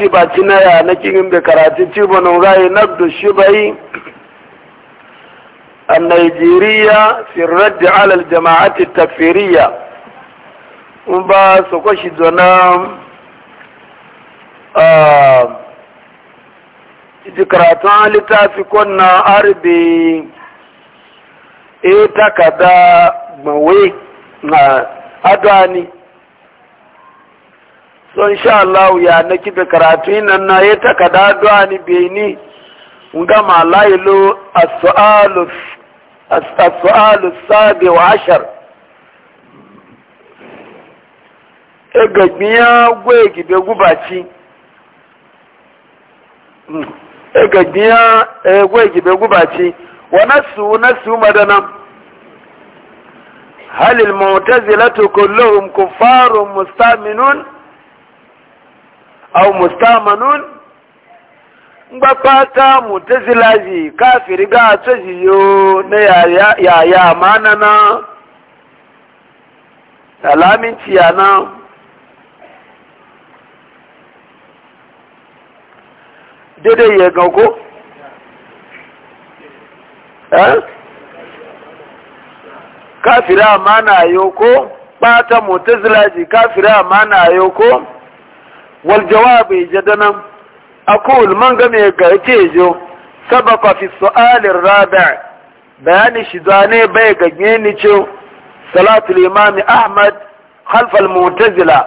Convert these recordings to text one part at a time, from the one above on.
littafi ba na ya na kingin da karatu cibonin rayu na dushi bai a nigeria sirrar da alal jama'ati tafiriya in ba su kwashi zana a karatun littafi kwanna arbi e takada mawe na adani so insha Allah ya naki da karatu nan na ya takada du'a ni beni nga ma lailo as sual as-su'alu sabi wa ashar e gwe gibe gubaci mm. e gagbiya e gwe gibe gubaci wa nasu nasu madana halil mu'tazilatu كلهم kuffarun mustaminun aw mustamanun ngba pata mutazilaji kafiri ga tsoji yo ya ya yaya manana alamin ciyana dede ya gago eh kafira mana yoko pata mutazilaji kafira mana yoko والجواب جدنا أقول من قم يكيجو سبق في السؤال الرابع بيان شداني بيقى جينيشو صلاة الإمام أحمد خلف المعتزلة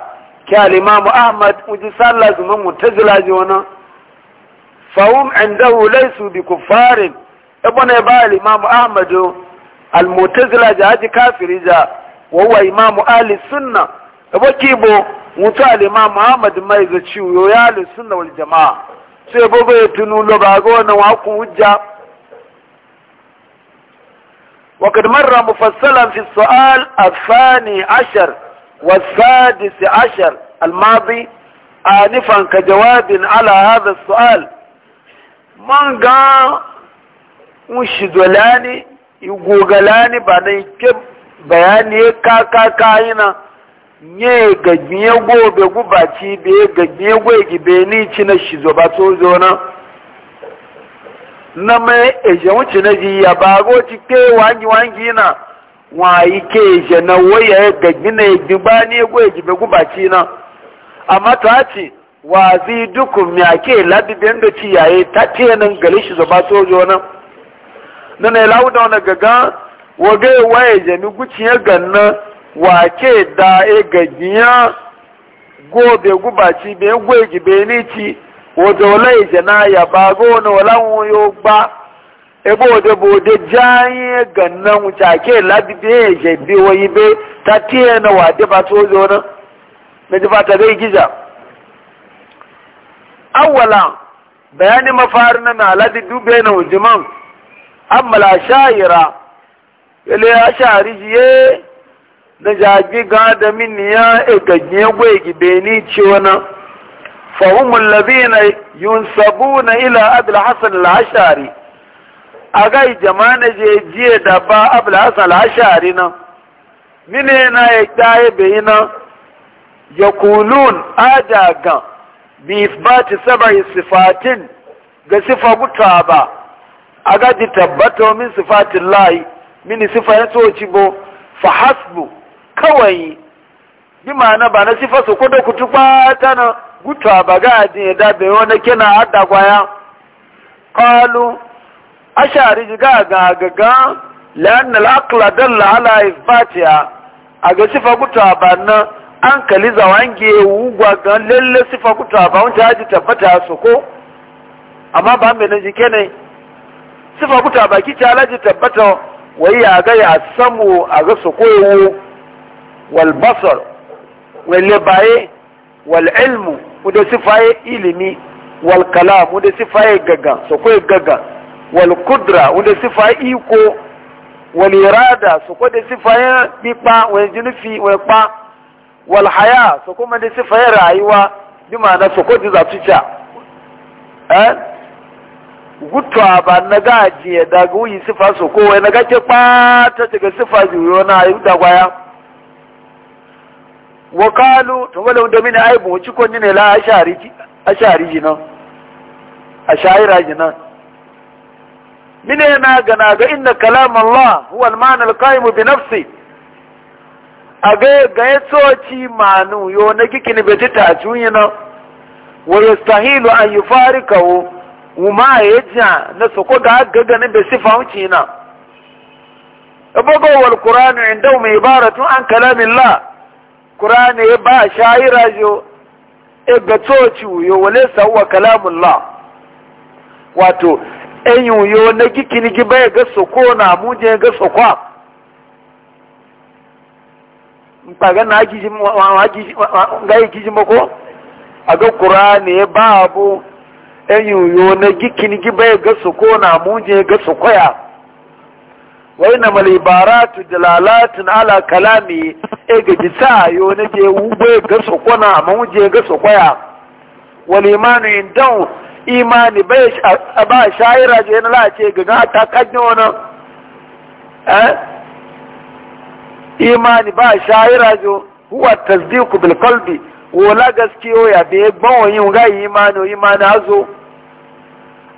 كان الإمام أحمد مجسال لازم المعتزلة جونا فهم عنده ليسوا بكفار ابن يبقى الإمام أحمد المعتزلة جاءت كافر جا وهو إمام أهل السنة ابو كيبو mutuwa limam Muhammadu mai ga ciwo yau ya lissun da jama'a sai babu ya tunu ba ga wannan waku hujja wa kadmar ramu fi su'al a fani ashar wa sadisi ashar almabi a nifan ka jawabin ala hada su'al man ga ushidola ne ba na ike bayani ka ka ka ina. nye gaggin ya gobe gubaci be gaggin ya gwegi be ni ci na zo ba to zo na na mai eje wuce na ji ya go ci ke wangi wangi na wa yi ke eje na waya ya gaggin na ya gba ni ya gwegi be gubaci na amma ta ce wa zi duku miya ke labibin da ci yaye ta ce nan gali shi ba to zo na na na ya lauda wani gaga wa ga waye jami guciyar e ganna wake da egajiya gobe gubaci be gweji be nici wato lai na ya ba gona wala wuyo ba ebe ode bode jaye gannan wuta ke labi be je bi wayi be ta tiye na wade ba to zo na na ji fata dai giza awwala bayani mafari na na ladi dube na wujiman amma la shayira yale ya shari jiye na ga gada min ya egagye gwe gibe ni ce wana fa labina yunsabu na ila abul hasan al-ashari a gai jama'a je je da ba abul hasan al-ashari na mine na ya kunu be ina ya kulun bi isbati sab'i sifatin ga sifa buta ba a gaji tabbata min sifatillahi layi mini sifa ya cibo fa hasbu kawai bi ma'ana ba na sifa su kudu kutu ta na gutu a baga a jin da bai wani kina hada kwaya kalu a shari jiga ga gaga la'an al'akla dalla ala ifatiya a ga sifa gutu a ba na an kali zawange wugwa ga lalle sifa gutu a ba wanda haji tabbata su ko amma ba mai na jike ne sifa gutu a baki ta alaji tabbata wai ya ga ya samu a ga su koyo والبصر واللباية والعلم وده صفاية إلمي والكلام وده صفاية غغا سوكوية غغا والقدرة وده صفاية إيكو والإرادة سوكو ده صفاية بيبا وينجنفي ويبا والحياة سوكو ما ده صفاية رأيوة بمعنى سوكو ده ذاتيشا أه gutwa ba na gaji ya daga wuyi sifa soko wai na gaje ba ta daga sifa juyo na ayu da gwaya Wakalu, kalu to da mini ai bo ci konni ne la ashari ki ji nan ashaira ji nan mine na gana ga inna kalam Allah huwa al-ma'na al-qa'im bi nafsi aga ga yatsoci manu yo na kikin beti ta junyi nan wa yastahilu an yufarikahu wuma na soko ga gaga ne be sifa wuci na ebogo wal qur'anu indahu ibaratun an kalamillah Qur'ani ya ba shayira jo e ga tsoci yo wale sawwa kalamullah wato en yo na gikini giba bai ga soko na muje ga sokwa mpaga na agiji ga agiji mako aga Qur'ani ya ba abu en yo na gikini giba bai ga soko na muje ga sokoya tu waina malibaratu dalalatun ala kalami e ga jita yo na je wube ga sokona ma wuje ga sokoya wal in indan imani bai ba shaira je na lace ga ga ta kanyo wannan eh imani ba shaira jo huwa tasdiqu bil qalbi wala gaskiyo ya be gbawon yin ga imani imani azo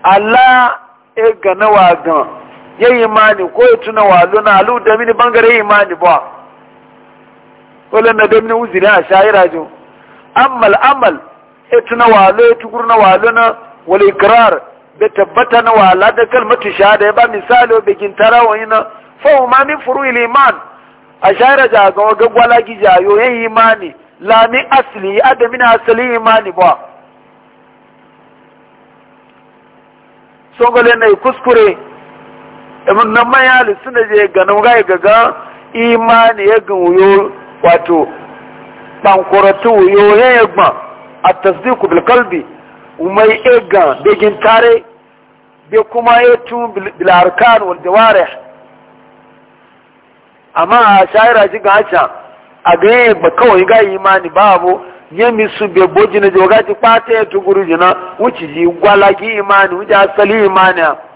Allah e ga nawa gan ya yi imani ko ya tuna wa na alu da mini bangare ya imani ba wala na da mini uzuri a shayira jo amal amal ya tuna walo ya tukur na walo na wale ikrar da tabbata na wala da kalmatu shahada ya ba misali bikin wani na fahu ma min furu'il iman a shayira ja ga gagwala yo ya yi imani la min da mini asali imani ba sogole na kuskure ibn nan man yali suna je ganin gai gaga imani ya wuyo wato bankuratu wuyo ya gba a tasdiku bilkalbi kalbi umai ega begin tare bai kuma ya tun bil arkan wal amma a shaira ga gacha a ga gba kawai ga imani babu yemi su be bojina jogaji pate tuguru jina wuci ji gwalagi imani wuci asali imani a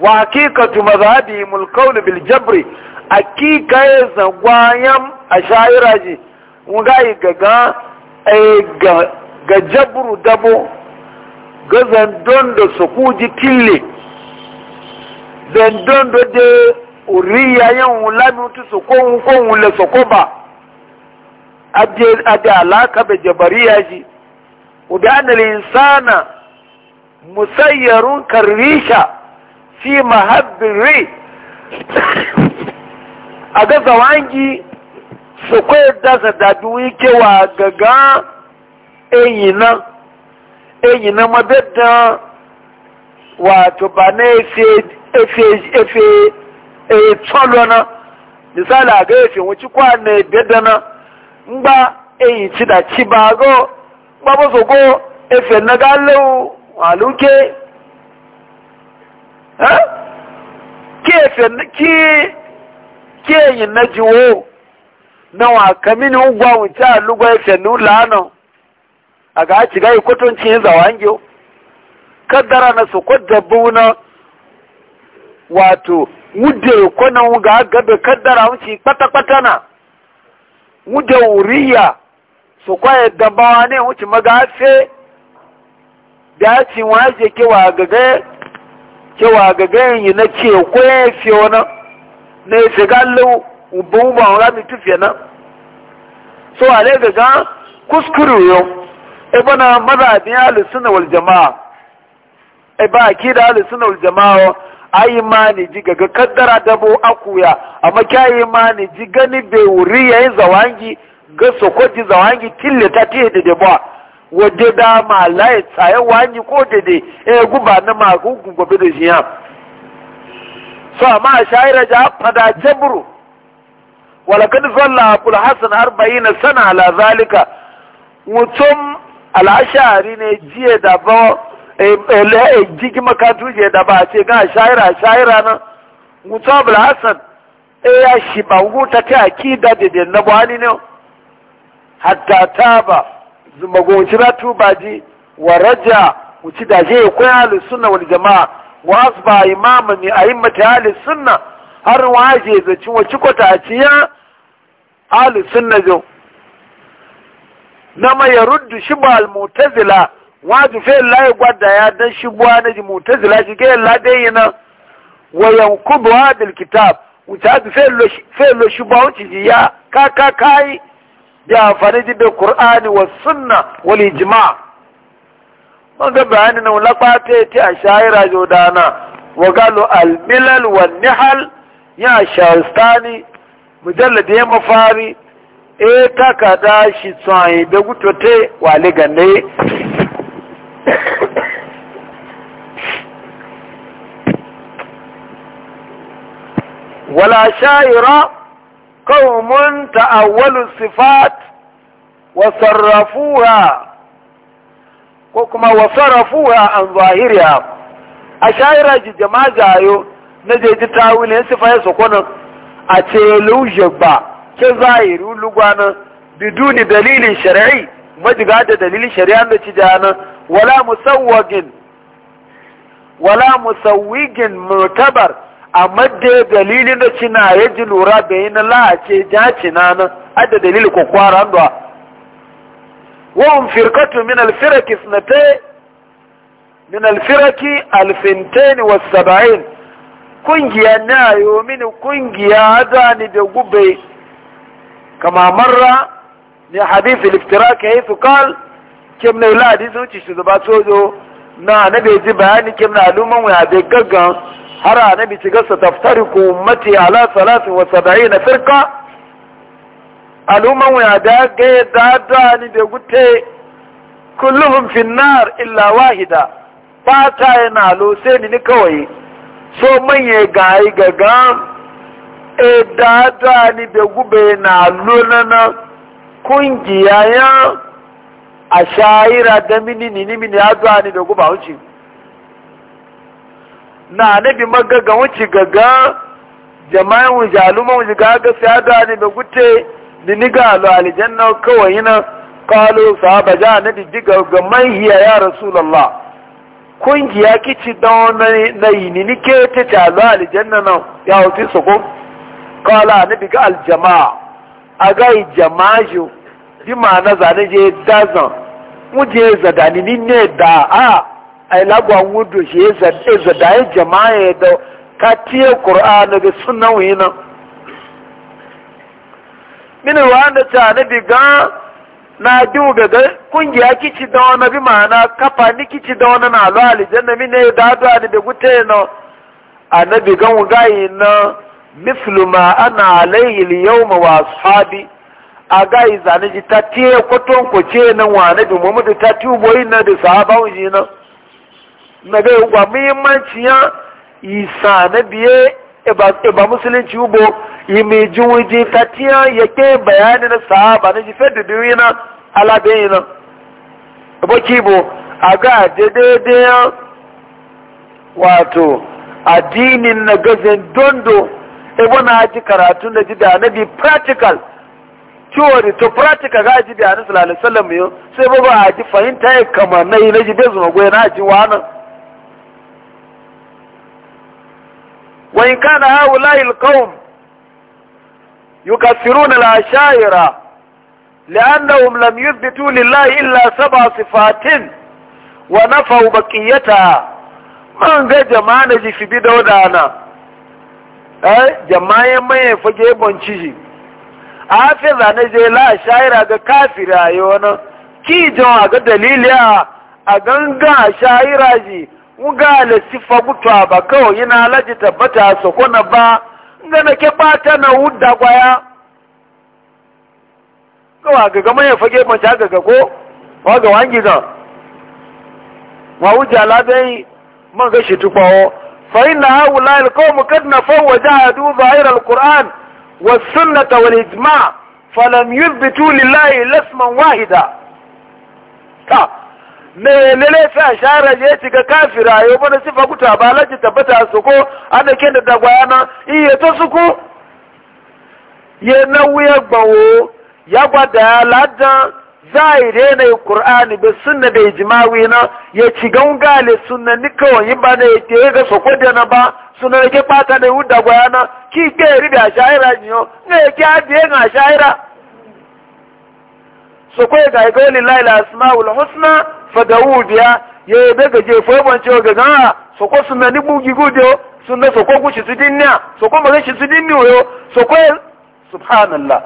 wa hakikatu mazhabihim alqawl bil jabr hakika ya gwayam ashaira ji ngai gaga ga ga jabru dabo gazan dondo su kuji tille zan da de uriya yan ulanu tu su ko ko wula su ko ba ade ade alaka be jabariya ji udan al insana musayyarun karisha fi mahabbiri a ga zawangi su kwayar da zadadu wike wa gaga eyi na eyi na mabedda na efe efe e tsolo na misali a ga efe wuci kwa na ebeda na ngba eyi ci da ci ba go gbabo so go efe na galo aluke ke yi na jiwo na wa kamini ugwa wuce a lugwa ya e fe nula a ga ci gai kwatanci yin zawangiyo kaddara na su kwadabu na wato wude kwanan ga gada kaddara wuce kwata-kwata na wude wuriya su kwaye dabawa ne wuce magafe da ya ci waje wa gaga cewa ga ganyen yi na ce ko ya fi wani na ya fi gallo ubu ba wani mi tufi na so a lai gaga kuskuru yau e bana mazabin alusuna wal jama'a e ba akida alusuna wal jama'a a yi ma ne ji gaga kaddara dabo akuya amma ma ne ji gani bai wuri yayin zawangi ga sokoji zawangi tillata ta da dabo wadda da ma laye tsaye wani ko dede eh guba na ma gugu gobe da jiya so amma shaira ja fada jabru walakad zalla abul hasan 40 sana ala zalika mutum al'ashari ne jiya da ba e jigi makatu je da ba ce ga shaira shaira na mutum abul hasan eh ya shi ba wuta ta akida dede na nabani ne hatta taba magonci ratu baji wa raja wuci da je koyi ahli sunna wal jama'a wa asba imama mi a'immati ahli sunna har waje zaci wace kwata a ya ahli sunna jo na ma shi ba al mu'tazila waju fe la gwada ya dan shibwa na ji mu'tazila shi ke la dai yana wa yanqudu hadal kitab wuta fe lo fe lo shibwa wuci ya ka ka kai bi amfani da kur'ani wa sunna wal ijma mun ga bayani na lakwate ti a shaira jodana wa galo almilal wa nihal ya shahistani mujallad ya mafari e takada shi tsayi da gutote wale ganne wala shaira قوم تأولوا الصفات وصرفوها وكما وصرفوها عن ظاهرها أشاعر جماعة جايو نجد تاويل صفة سكونا أتيلو جبا كظاهر لغانا بدون دليل شرعي مجد هذا دليل شرعي نتجانا ولا مسوق ولا مسوق معتبر amma da dalilin da cina ya ji lura da yi na la'ace jacina nan adda dalilin kwakwara an duwa wa'un firkatu min alfiraki sinate min alfiraki alfintani wasu saba'in kungiya na yi yo mini kungiya da ni da gube kama marra ne hadisi liftiraki ka yi su kal kim na ila hadisi wuce shi zuba sojo na na bai ji bayani kim na alumanwa ya bai gaggan har annabi ci gasa ko ummati ala salasin wa na firka al'umman wa da ga da ni da gute kulluhum fi nar illa wahida fata yana lo sai ni kawai so manye gayi gaga e dada da ni bai gube na lo na kungiya ya a shayira da mini ni mini ya da ni bai guba na anabi magaga wuce gaga jama'in wuce aluman wuce gaga sai ada ne da gute da ni ga alu aljanna kawai yana kalo sahaba ja anabi diga ga mahiya ya rasulullah kungiya kici don na yi ni ni ke ta ci alu aljanna nan ya wuce su ko kala anabi ga aljama'a a ga yi jama'a bi ma na zane je dazan wuje zadani ni ne da a ai lagwa wudu shi ya zada ya jama'a ya da ka tiye qur'ani da sunan wina min wa da ta na diga na diu ga ga kungiya kici da wani bi ma'ana kafa ni kici da wani na lo aljanna min ne da da da gute no annabi gan wugayi na mislu ma ana alayhi al-yawma wa ashabi a gayi zane ji ta tiye kwaton kwace nan wa nabi muhammadu ta tubo yin na da sahabawan shi na na wa muhimmanci ya isa na biye e e ba musulunci ubo imi jiwuji ta tiya yake bayani na sahaba na jifar da biyu na alabiyin nan aboki bo a ga ya wato addinin na gazin dondo ebo na ji karatu na ji da na bi practical theory to practical ga ji da na sallallahu alaihi wasallam yo sai ba ba ji fahimta ya kamar na yi na ji bezu magoya na ji wa wa in kana haulai alqaum yukathiruna alashaira لانهم لم يثبتوا لله الا سبع صفات ونفوا بقيتها man ga jama'a na jifi bi da wadana eh jama'a mai fage bonci ji a fi zane je la shaira ga kafira yona ki jon a ga dalili a a ganga shaira ji nga le sifa gutwa ba kawai yana alaji tabbata so kona ba nga na ke bata na hudda kwaya kawa ga gama ya fage mace haka ga ko wa ga wangi ga wa wuja labai man ga shi tukwawo fa inna haula al qawm kad nafaw jahadu zahir al qur'an wa sunnata wal ijma' falam yuthbitu lillahi lasman wahida ta me lele fa shara je ci ga kafira yo bana sifa kuta ba laji tabbata su ko ana ke da dagwayana iye to su ko ye na wuya gbawo ya gwada ladan zaire na qur'ani be sunna be ijmawi na ya ci ganga le sunna ni kawai yin ba na yake ga su ko da na ba sunna ke pata da wuda gwayana ki ke ri da shaira nyo ne ke adiye na shaira so ko ga ga lillahi al-asmaul husna fadawu biya ya yi daga je fobon cewa ga gawa so ko suna ni bugi gudo sun da so ko gushi su dinniya so ko magana shi su dinni yo subhanallah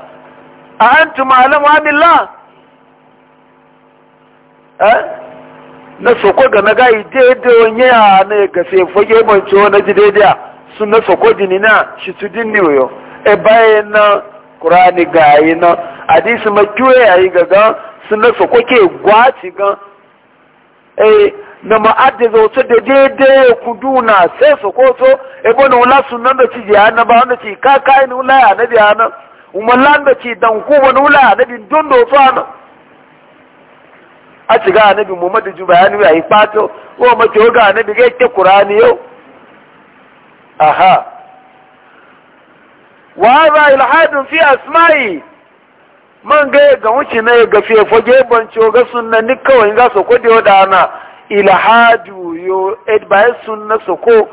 a antum alamu amillah eh na soko ko ga na ga ide na ga sai fage mun na ji daidai sun da so na dinina shi su dinni e na qur'ani ga yi na hadisi makiwe yayi ga ga sun da so ko ke gwati gan eh na ma'adda zauce da daidai ya kudu na sai su E ebo na wula sunan da ci jiya na ba wanda ci ka kai ni wula ya na biya na umarlan da ci dan kuma ni wula ya na bi don da wasu ana a ci ga anabi muhammadu ju bayani ya yi fato ko mace ga anabi ga yake kurani yau aha wa hadha ilhadun fi asma'i man ga ga wuce na ga fiye fage banco ga sunna ni kawai ga soko ko da da na ilhadu yo ed bai sunna soko. ko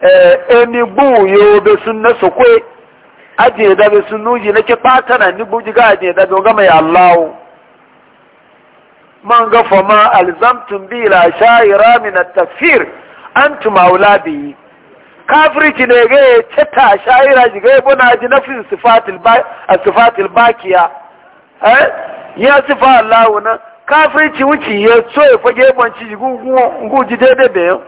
eh eni bu yo da sunna so ko aje da be sunuji nake na ni buji ga aje da ga mai allah man ga fama alzamtum bi la shaira min at-tafsir antum auladi kafirci ne ga ya ce ta shaira ji ga ya buna ji na fi sifatil bakiya eh ya ci fa Allah wona kafirci wuci ya so ya fage ban ci gugu ji daidai da yau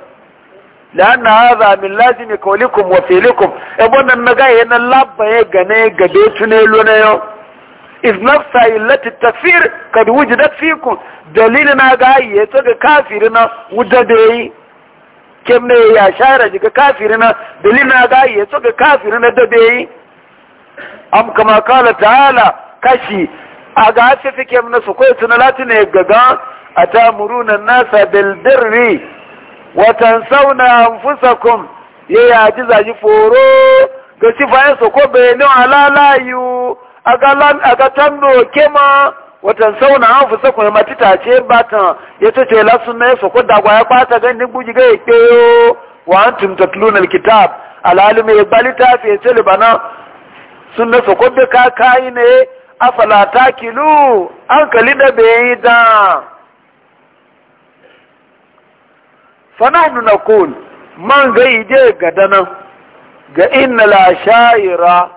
lan na hadha min lazimi qawlikum wa fi'likum e bonan na ga yana labba ya gane ga da tune lona yau iz nafsa illati tafir kad wujidat fikum dalil na ga ya to ga kafirina wudade yi kem ne ya shara ji ga kafirina dalil na ga ya to ga kafirina dade yi am kama kala ta'ala kashi aga ce fike mun su koyi suna latin ya gaga muruna nasa bil watan sauna tansawna anfusakum ya yaji zaji foro ga bayan su ko bayanin alalayu ga tando kema watan sauna an fi ya mati tace batan ya ce ce lasu na ya ko dagwa ya kwata ganin buji ga ya keyo wa an tumta tulunar kitab alhalin ya bali ta fiye ce libana sun na soko da ka kayi ne afala takilu hankali da bai yi da fanahnu na kul man ga ga dana ga inna la shaira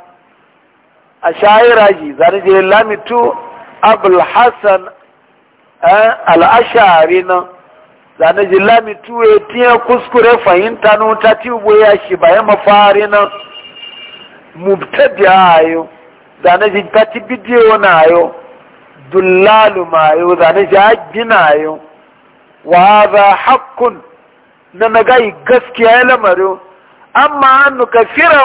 a shaira ji zane je lamitu abul hasan eh, al'ashari na zane je lamitu ya e tiya kuskure fahimta nun ta ci ya shi bayan mafari na mubtadi ayo zane shi ci bidiyo na yo dullalu ma yo zane shi haji na yo wa za hakkun na nagayi gaskiya ya lamarin amma hannu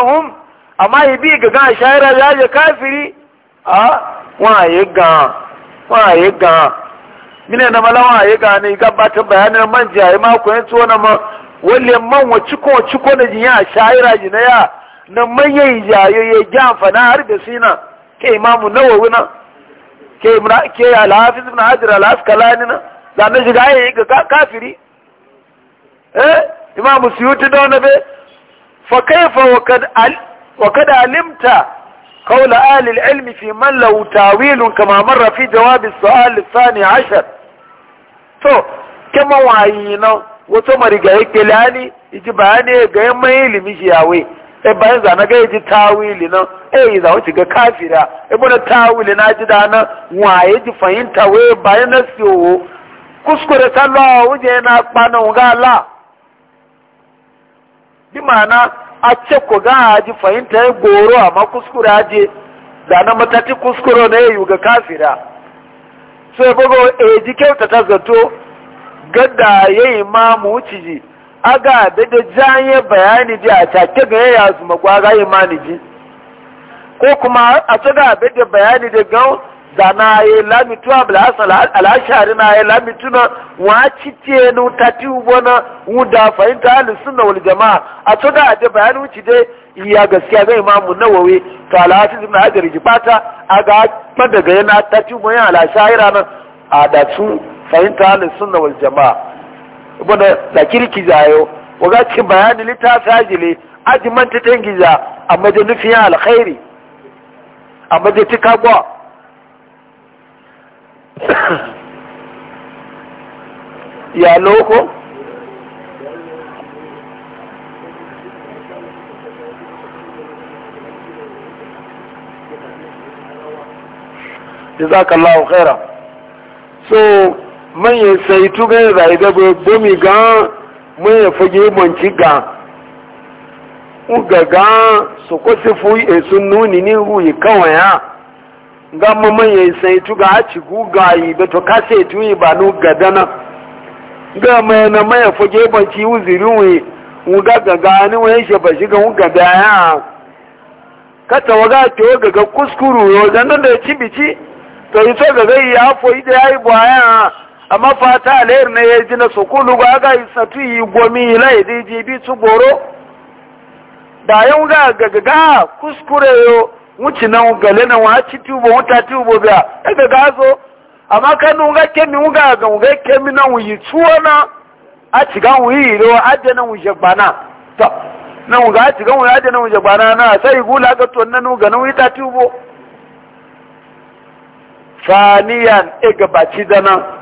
hun amma yi bi ga gan shayara ya je kafiri a waye ga waye ga mine na mala waye ga ne gabatar bayanin man jaye ma ko yanzu na ma wale man wa ciko ciko na jinya shayara ji na ya na man yayi jaye ya har da sina ke imamu nawawi na ke imra ke al-hafiz ibn hajar al na Zane na shiga yayi ga kafiri eh imamu suyuti da wani be fa wa kada al wa kad alimta قول أهل العلم في من له تاويل كما jawabi في جواب السؤال الثاني to kama wayi na wato marigayi kelani iji bayani ga yamma ilimi shi yawe e bayan zana ga yaji tawili nan e yi za ga kafira e tawili na ji da nan waye ji fahimta we bayan na siyo kuskure sallah wuje na kpana ga la bi mana a ce ko ga ji fahimta ya goro amma kuskure aje da na matati kuskure na e yi ga kafira so e bugo e ji kyauta ta zato gadda yayi ma mu ji aga be da janye bayani ji a take ga ya su magwaga imani ji ko kuma a taga be da bayani da gan da na yi lamitu a bilasan al'ashari na yi lamitu na waci ce ta ti ugbo na wuda fahimta halin suna wani jama'a a taga a da bayani wuce dai iya gaskiya ga imamu wawe to alhaji na hajar jibata a ga madaga yana tati ubo yana al'ashari na a da su fahimta halin suna wal jama'a bana kirki zayo waga cikin bayani littafi ajile aji manta ta giza a majalufin alkhairi a majalci kagwa ya loko jazakallahu khaira so manye sai ga rai da bo mi ga manye fage monci ga uga ga su ko se e sun nuni ni hu yi kawai ha ga ma manye sai tu ga ci gu yi da to ka sai tu yi ba nu ga dana ga mai na manye fage monci uziri wi uga ga ga ni wai she ba shi ga uga da ya kata waga to ga ga kuskuru yo dan da ci bici to yi so ga ya fo ida yayi ya amma fata alayar na ya ji na sukulu ga ga satu yi gomi lai da ji bi su goro da yau ga gagaga kuskure yo wuci na gale na wa ci tubo wuta tubo biya daga gazo amma kanu ga kemi wuga ga wuga kemi nan wuyi tuwo na a ci ga wuyi ro adda nan wuje bana to nan wuga a ci ga wuyi adda nan wuje bana na sai gula ga to nan ga nan wuyi ta tubo faniyan e gabaci da nan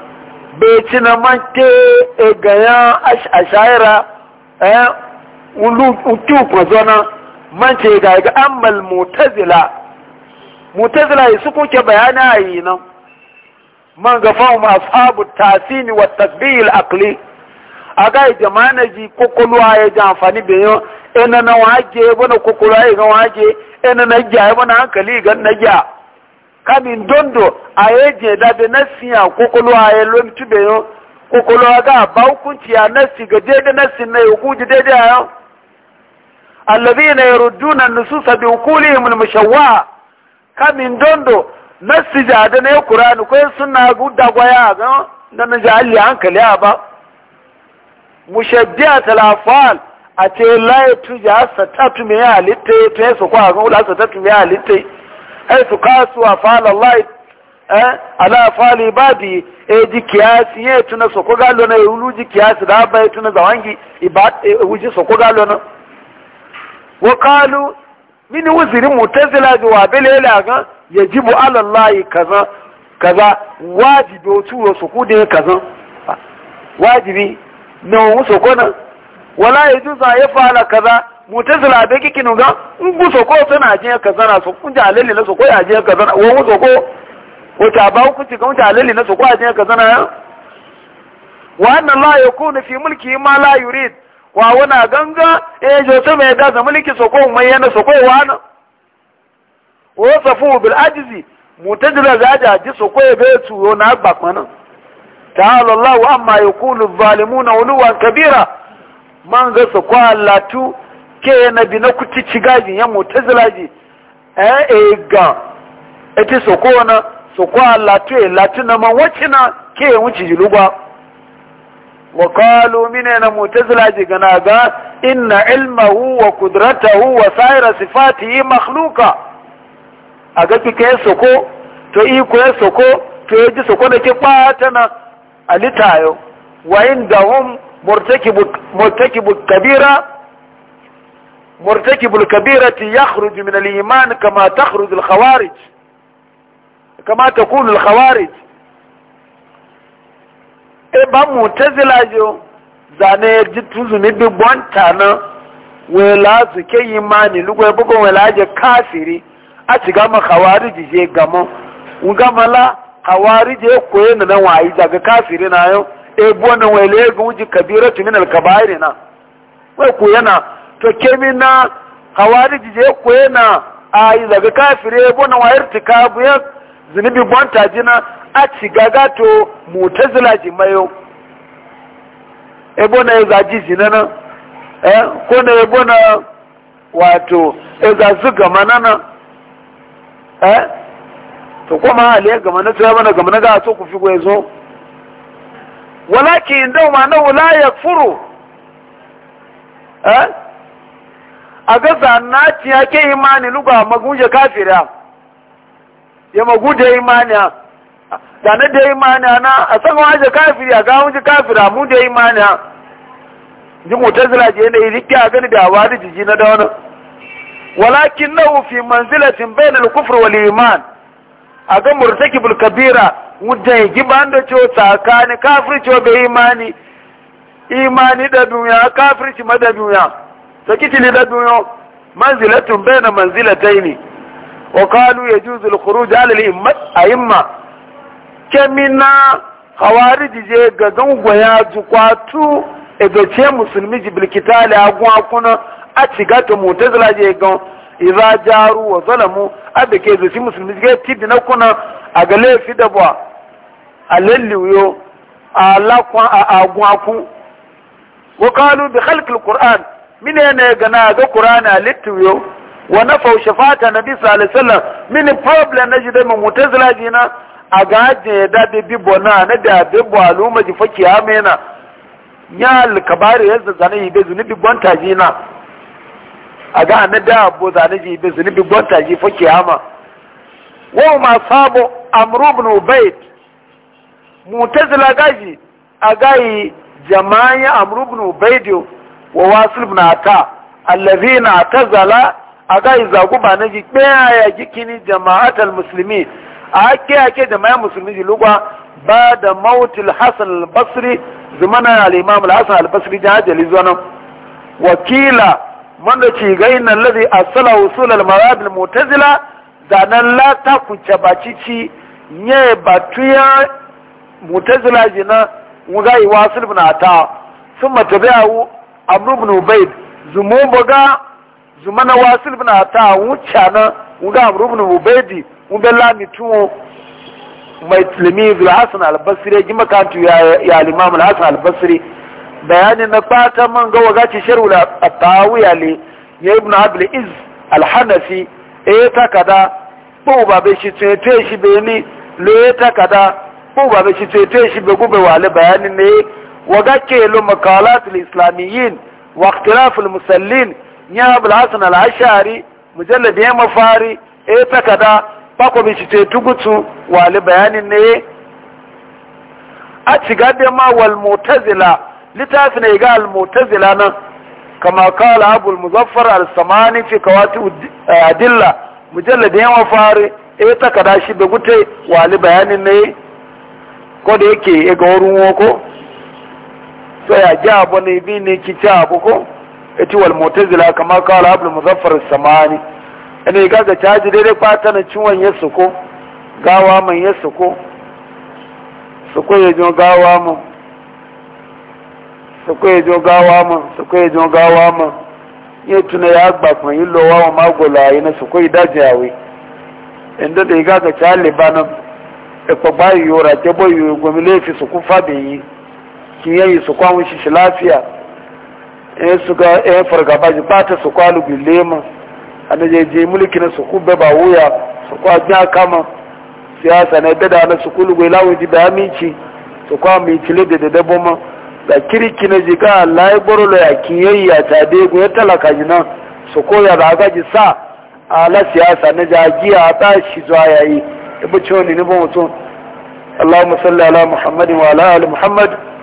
beci na mante egaya ashaira eh utu kwazona mance ga ga amal mutazila mutazila su kuke bayani ayi nan man ga fa ma ashabu tasini wa tadbil aqli aga jama'a ji kokolu aye ji amfani be yo e na waje bana kokolu aye ga waje enana ja bana e hankali ga na ja kami dondo a yeje da da nasi ya kokolo a yi lomitu da yau kokolo ga ba hukunci a nasi ga daidai nasi na yi hukunci dede a yau allazina yarudduna nususa bi uqulihim al-mushawwa kamin dondo nasi jade na ne kurani ko suna guda gwaya ga nan ja alli hankali a ba mushaddiat al-afal a ce la tuja satatu me ya litte to su kwa ga la satatu me ya litte حيث قاسوا أفعال الله ala fali babi e ji kiyasi ya tuna soko galo na ya wuluji kiyasi da ba ya tuna zawangi wuji soko galo na wa kalu mini wuzirin mutazila bi wa bele la ga yajibu ala allahi kaza kaza wajibi o tuwo soko da kaza wajibi na wu soko na wala yajuzu ya kaza mutazila be kiki nuga ngu soko suna je ka zara so kunja alele na soko ya je ka zara wo mu soko o ta ba ku ci kunja alele na soko ya je ka zara wa anna la yakunu fi mulki ma la yurid wa wana ganga e jo to me da za mulki soko mai yana soko wana wo safu bil ajzi mutazila za ja ji soko e be tuyo na agba kana ta'ala allah amma yakulu zalimuna uluwan kabira man ga soko allatu ke na bi na kuti cigaji ya mota zilaji eh e, ga eti soko na soko alatu e na ma na ke e wuci jiluba wa qalu mine na zilaji gana ga inna ilmahu wa qudratahu wa sa'ira a ga fi kai soko to iko ya e soko to yaji soko da ke kwata na alitayo wa indahum hum murtakibu kabira مرتكب الكبيرة يخرج من الإيمان كما تخرج الخوارج كما تكون الخوارج إبا متزلا جو زاني جتوزو نبي بوانتانا ولا زكي إيماني لغو يبقو ولا جي كافري أتي غاما خوارج جي غاما وغاما لا خوارج يكوين نوائي جاك كافرين آيو إبوانا ولا يغوجي كبيرة من الكبائرنا ويكوينا to kemina hawari jije koye na a yi zaga kafire bona wayar tika buya zunubi bonta jina a ci gaga to mutazila ji mayo ebo na ya zaji jina na eh ko na ebo e na wato ya zazu gama na na eh to e e, kuma hali ya gama na tsaye mana gama na ga ku fi gwezo walakin dau ma na wala furu eh a ga zanaci ya ke imani lugba magunje kafira ya maguje imani a zane da imani na a san waje kafiri a gawon ji kafira mu da imani a jin wutar zilaje ne yi a gani da awa da jiji na da wani walakin na wufi manzilatin bayan al-kufr wal iman a ga murtakibul kabira mudan giban da ciwo tsakani kafirci wa bai imani imani da duniya kafirci ma da duniya sakiti lila duyo manzilatun bayna manzilataini wa qalu yajuzu al-khuruj ala al-imma ayma kemina khawariji je gagan gwaya jukwatu ebe che muslimi ji bil kitali agun akuna ati gato mutazila je gan bi khalqi al mine ne gana ga qur'ana littiyo wa na nafau shafata nabi sallallahu alaihi wasallam mini problem na jide mun mutazila jina a gaje da bi bibo na na da bibo aluma ji faki amena ya alkabari yanzu zane yi bezu ni bibon taji na a ga na da abu zane ji bezu ni bibon taji faki ama wa ma sabo amru ibn ubayd mutazila gaji a gayi jama'a amru ibn ubayd wa wasu na ta allazi na ta zala a ga izagu ba na ji ya jikini jama'atar musulmi a ake ake jama'ar musulmi ji lugwa ba da mautil hasan albasri zumana al'imam al-hasan albasri jihar ajali nan wakila da ci gai ladi a usul al-marad al-mutazila da nan la ta kuce bacici nye batuya mutazila jina wuga yi wasu na ta sun matabi'a abu ibn ubayd zumu boga zumana wasil na ata wuce na wuga abu ibn ubayd mun bella mituwo mai tilmizu hasan al-basri ji makantu ya ya al-imam hasan bayani na fata man ga waga ci sharhu tawu ya le ya ibn abd iz al-hanafi e ta takada ko ba be shi tete shi be ni le takada ko ba be shi tete shi be gube wale bayani ne وقاكيل مقالات الإسلاميين واختلاف المسلين يا أبو الحسن العشاري مجلد يا مفاري إيه تكدا باكو بيشتي تبتو والي بيان إيه أتشقاد ما والمعتزلة لتافنا يقال المعتزلة كما قال أبو المظفر على السماني في كواتب أدلة مجلد يا مفاري إيه تكدا شي بقوتي والي بيان إيه ko da yake ga wurin woko so ya abu ne bi ne ki ci abu ko eti wal mutazila kamar kawala abul muzaffar samani ina ga ga caji daidai fata na ciwon ya suko gawa man ya suko suko ya jo gawa mu suko ya jo gawa mu suko ya jo gawa mu ya tuna ya gba kan yi lowa wa magola yi na suko yi daji awe inda da ya ga ga cali e ko bayi yora ke boyi gwamile fi suku fabin yi yi su kwan shi shi lafiya in su ga eh fargaba ji ta su kwalu bilema da je je mulki na su kubbe ba wuya su kwa jiya kama siyasa na dada na su kulu gwai lawon ji da aminci su kwa mai cile da da dabo ma da kirki na jiga Allah ya borolo ya kiyayi ya ta dego ya talaka ji nan su koya da aga ji sa a la siyasa na jagiya ta shi zuwa yayi ibi ciwon ne ba mutum salli صل على wa وعلى آل muhammad.